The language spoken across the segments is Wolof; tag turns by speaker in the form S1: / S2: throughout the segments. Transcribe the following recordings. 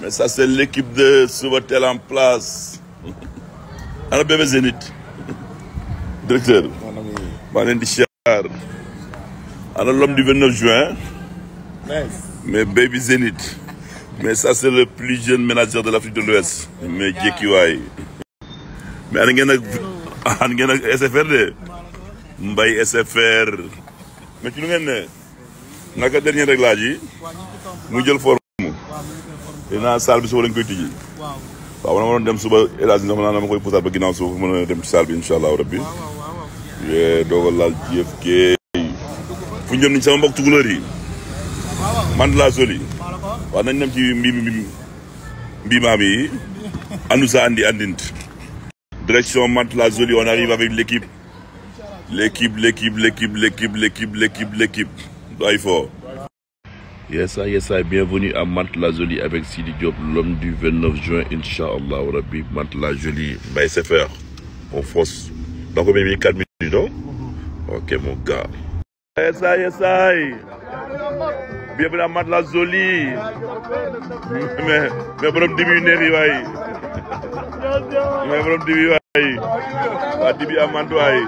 S1: Mais ça, c'est l'équipe de Soubatel en place. ana bébé Zénith. directeur. maa leen di siyaar. ana l'homme du juin. mais baby Zénith. mais ça c'est le plus jeune manager de l'Afrique de l'Ouest mais jékki waay. mais ana ngeen ak ana ngeen ak SFR de. Mbaye SFR. mais ci lu ngeen naka dernier réglage yi. mu jël te naa salle bi suba lañ koy tijji. waaw waaw man ma doon dem suba élage bi sax ma dama koy pusaat ba ginnaaw suuf mën a dem ci salle bi incha allahu rabbi. yee doog a laal jëf kee. fu ñu jëm nii sama mbokk tukulóor yi. man laa soli. waaw nañ dem ci mbi mbi mbimaam yi. andu sa andi andint. direction Mantes-la Jolie on arrive avec l'équipe l'équipe l'équipe l'équipe l'équipe l'équipe l'équipe l'équipe du ay fo Yes, yes, bienvenue à Mantes-la-Jolie avec Sidi Diop, l'homme du 29 juin, Inch'Allah, Rabbi, Mantes-la-Jolie. Ben, c'est faire. On force. Dans combien de minutes 4 minutes, non mm-hmm. Ok, mon gars. Yes, yes, Bienvenue à Mantes-la-Jolie. Mais, mais, bonhomme diminué, rivaille. Mais, bonhomme diminué, rivaille. Adibi Amandouaï.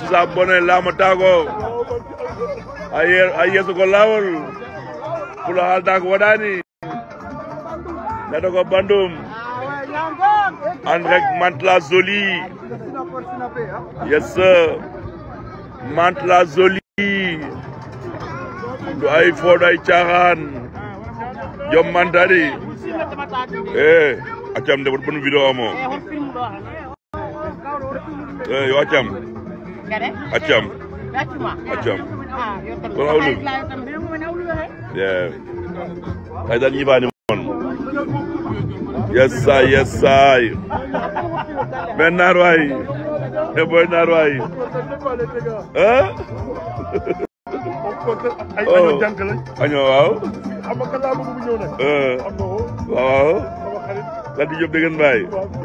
S1: Si ça abonne, là, mon tago. ayyesugol lawol pulo haaldako waɗani neɗo ko bandum an rek mantla zoli yes sir mantla zoli du ay fooɗo ay caaxaan jom mantadi e eh, accam nde woto bonu vidéo omo e eh, yo accam accam accam kon ah, awlul ay dan yiɓani moon yessay yessay men naar waay e boy naar waay año waaw waaw Khady Diop degen mbaay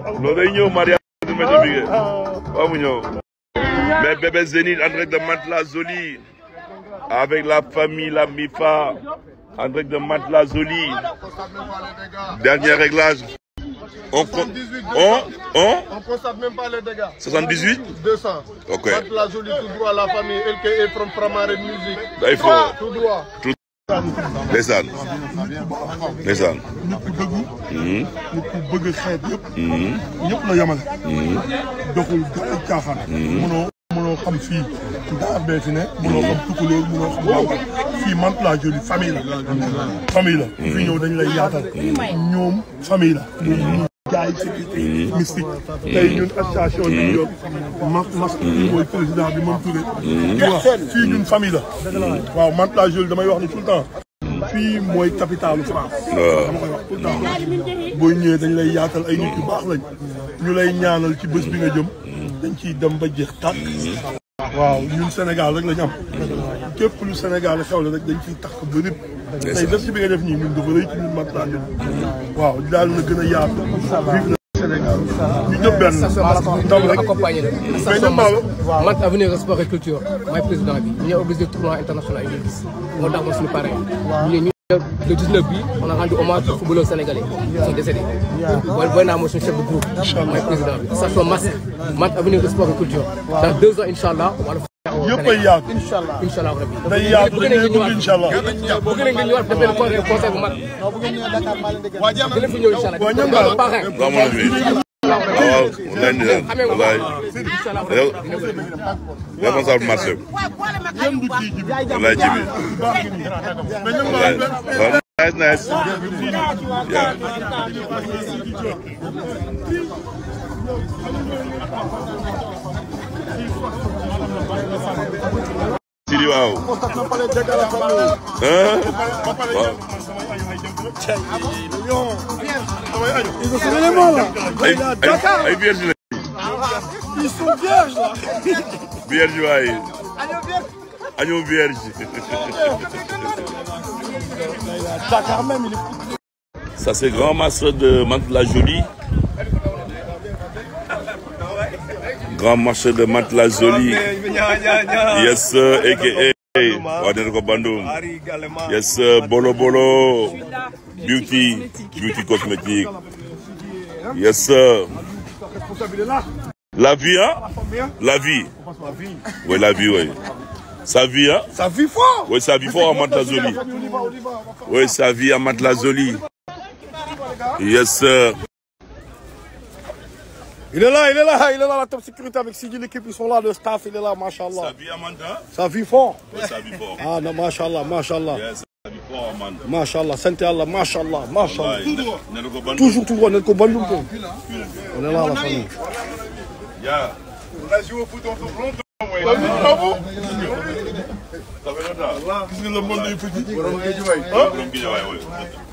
S1: loolu day ñëw mariage météo mu ñëw mais bébé Zénith en ah. la Jolie avec la famille, la MIFA, en direct de Matlazoli. Dernier réglage. On, on, on, on constate même tout droit, la famille, LKE from Pramare Music. Il faut. Tout droit. Tout ndeysaan ndeysaan nit ku dëggu mënoo xam fii daar bee fi ne mënoo man laa joli famille la famille la ñëw dañ lay yaatal ñoom famille la ñoom jaay sécurité mystique tey ñun association bi yoon mas mas bi moom Touré di wax fii ñun famille la man laa joli damay wax ni tout le temps fii mooy capitalu France dama koy ñëwee dañ lay yaatal ay nit yu baax lañ ñu lay ñaanal ci bés bi nga jëm dañ ciy dem ba jeex tàkk waaw ñun Sénégal rek lañu am képp lu Sénégal xew la rek dañ ci bi nga def ñii ñun dafa rëy ci ñun mat laa waaw daal na gën a yaatu vive Sénégal ñu ñëpp benn ndam rek mais ñun Maodo man avenir sport et culture maay président bi ñu obligé tournoi international yi moo tax ma le 19 bi on a rendu hommage aux footballeurs sénégalais qui sont décédés booy booy a mooy suñu chef de groupe mooy président bi station Mass Mass avenir de culture dans deux ans incha allah wala yëpp ay yaatu incha allah incha allah rabbi day yaatu dañ lay dugg incha allah bëgg nañ nga ñëwaat def waaw leen di leen wallaay yow responsable marché wallaay ji bi wallaay nice nice yeah. Sidi waaw. Ils ont sauvé les morts là. grand master de Mantla Jolie. Grand master de Mantla Jolie. Yes, sir, a.k.a. Wadner Kobandum. Yes, Bolo Bolo. beauty, beauty cosmétique. Yes, sir. La vie, La vie. Oui, la vie, oui. Sa vie, hein? Sa vie fort. Oui, sa vie fort à Matlazoli. Oui, sa vie à Matlazoli. Yes, sir. Il est là, la top sécurité avec Sidi, l'équipe, ils il est là, machallah. Sa vie, Amanda? Sa vie fort. Ah, non, machallah, machallah. macha allah sant yàlla macha allah macha allah toujours toujours nañ ko bandum ko on est là la famille gis nga le monde est petit. borom Guédiawaye. ah borom Guédiawaye oui.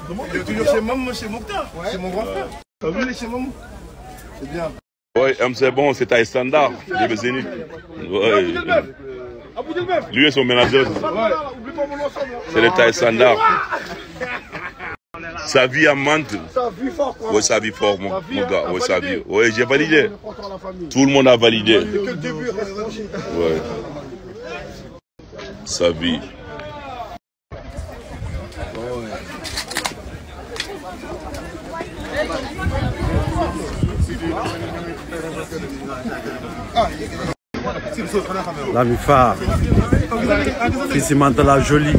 S1: yow toujours chez Mame chez Mokhtar. c'est mon grand frère. vous allez chez Mame. c'est bien. oui c'est bon c'est taille standard. Zénith. oui. Lui et son manager, c'est des tailles standards. Sa vie à Mantes. Oui, sa vie fort, mon, mon gars. Oui, sa vie. Oui, j'ai validé. Tout le monde a validé. Ouais. Sa vie. Ah, la mi si Mantes-la Jolie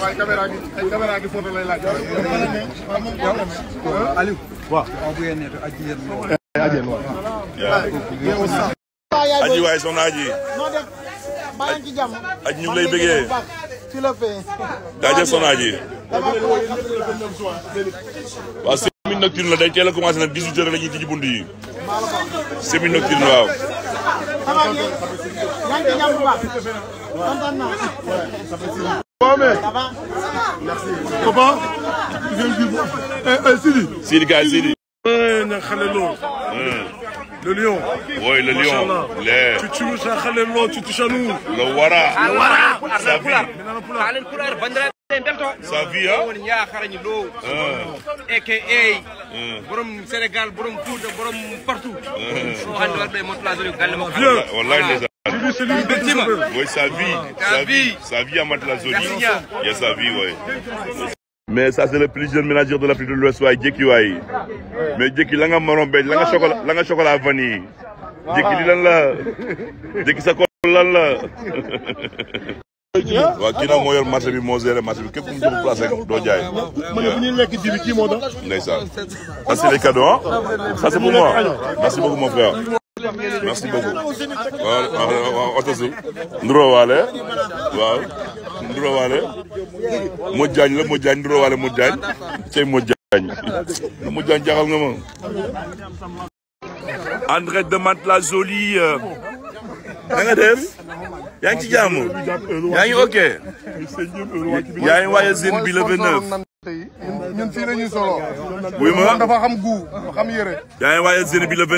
S1: waaye caméra gi ay caméra gi aji waay soxna aji. aji ñu ngi lay bëggee. jaajëf soxna aji. waaw semi nocturne la day teel a commencé nag 18 heures la ñuy tijji bunt yi semi nocturne waaw. papa. Sidi. Sidi gars Sidi. xale lool. Le lion. Oui, le lion. Le... Tu touches à Khalil, tu touches à nous. Le Wara. Le Wara. Le Wara. sa vie ah. woni yaakarañi low aka borom sénégal borom fouta borom partout so hande wadɓe mottolagori galle makko wallahi ndesan beltima moy sa vie sa vie sa vie amata la zoni ya sa vie way mais ça c'est le plus jeune ménageur de l'Afrique de l'Ouest waay jékki waay mais jékki la nga maron beñ la nga chocolat la nga chocolat vanille jékki li lan la jékki sa kool lan la Ah waaw kii nag moo yor marché bi moo géré marché bi képp ku ñu jox place rek doo jaay. man bu ñuy lekk ji bi kii moo tax. ndeysaan ça c'est les cadeaux ah. ça c'est pour moi merci beaucoup mon frère. merci beaucoup. waaw waaw oto si. Nduro Waale. waaw Nduro Waale. Modou Diagne la Modou Diagne Nduro Waale Modou Diagne. Cey Modou Diagne. Modou Diagne jaaxal nga ma. André de Mantes la jolie. Euh. na nga def. yaa ngi ci jàmm yaa ngi ok yaa ngi waaye zine bi le 29. ñun fii la ñuy solo. wuy ma dafa xam gu xam yére. yaa ngi waaye zine bi le 29.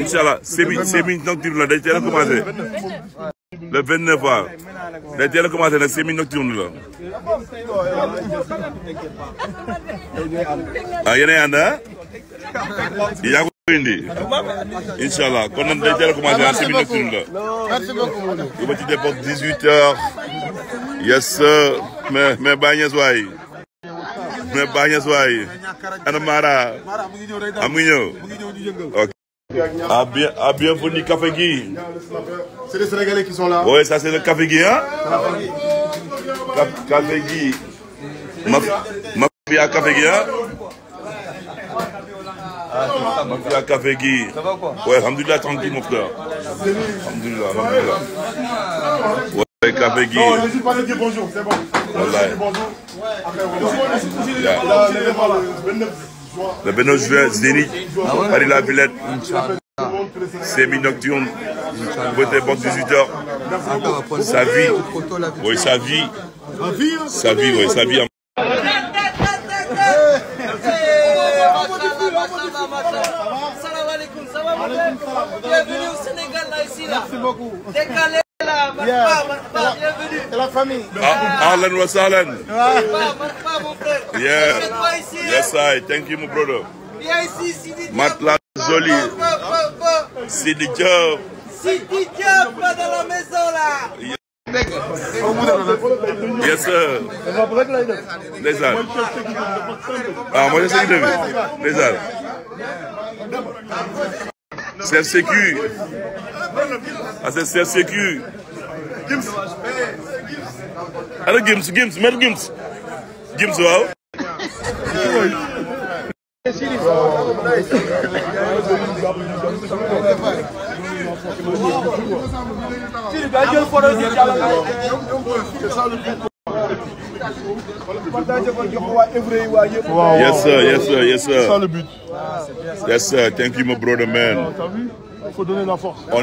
S1: incha allah semis semis nocturne la day teel a commencé. le 29 waaw day teel a nocturne la. ah yéenay indi incha allah kon nag day teel a commencé en semi nocturne la du ma ci dépose dix huit heures yes mais mais bàñes waay mais bàñes waay ana Mara am ah, ngi ñëw ok ah bien ah bien fourni café gi c'est les Sénégalais qui sont là oui ça c'est le café gi hein café gi mafia café gi hein Donc il y a Café Guy. Ça va quoi Ouais, alhamdoulilah, tranquille mon frère. Alhamdoulilah, alhamdoulilah. Ouais, Café Guy. Non, n'hésite pas à dire bonjour, c'est bon. Voilà. Bonjour. Après, voilà. Le 29 juin, Zénith, Paris-la-Villette, semi-nocturne, votez bon 18h. Sa vie, oui, sa vie, sa vie, oui, sa vie beaucoup. Yeah. Et la famille. Ah, ahlan wa sahlan. Yeah. Yes, I. Thank you, my brother. Matla Zoli. Sidi Diop. Sidi Diop, pas dans la maison là. Yeah. Yes sir. Ndeysaan. Ah, mooy sa idée bi. Ndeysaan. Chef Sécu. parce ah, que c'est sécu. Gims. ana Gims Gims mel Gims. Gims waaw. Yes sir, yes sir, yes sir. C'est ça le but. Yes sir, thank you my brother man. Il faut donner la force. On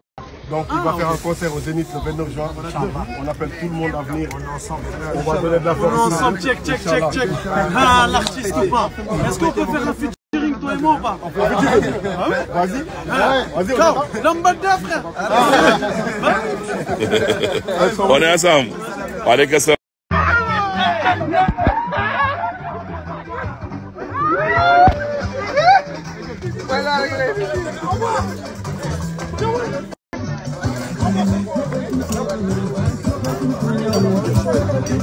S1: Donc ah, il va faire okay. un concert au Zénith le 29 juin. On appelle tout le monde à venir. On est ensemble. On va donner de la force. On est ensemble. Check, check, check, check. Ah, l'artiste ou pas Est-ce qu'on peut faire un featuring toi et moi ou pas ah Vas-y. Ah. Vas-y. Ciao. Lambada, frère. On est ensemble. On est ensemble. Ha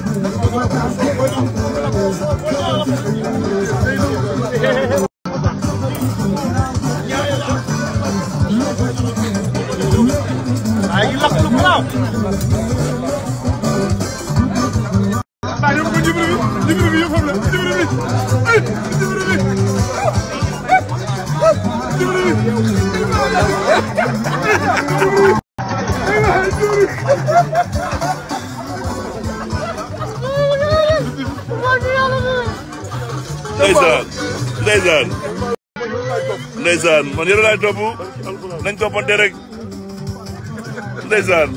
S1: ha ha! ndeysaan ndeysaan ndeysaan man yéen laay topp nañ toppante rek ndeysaan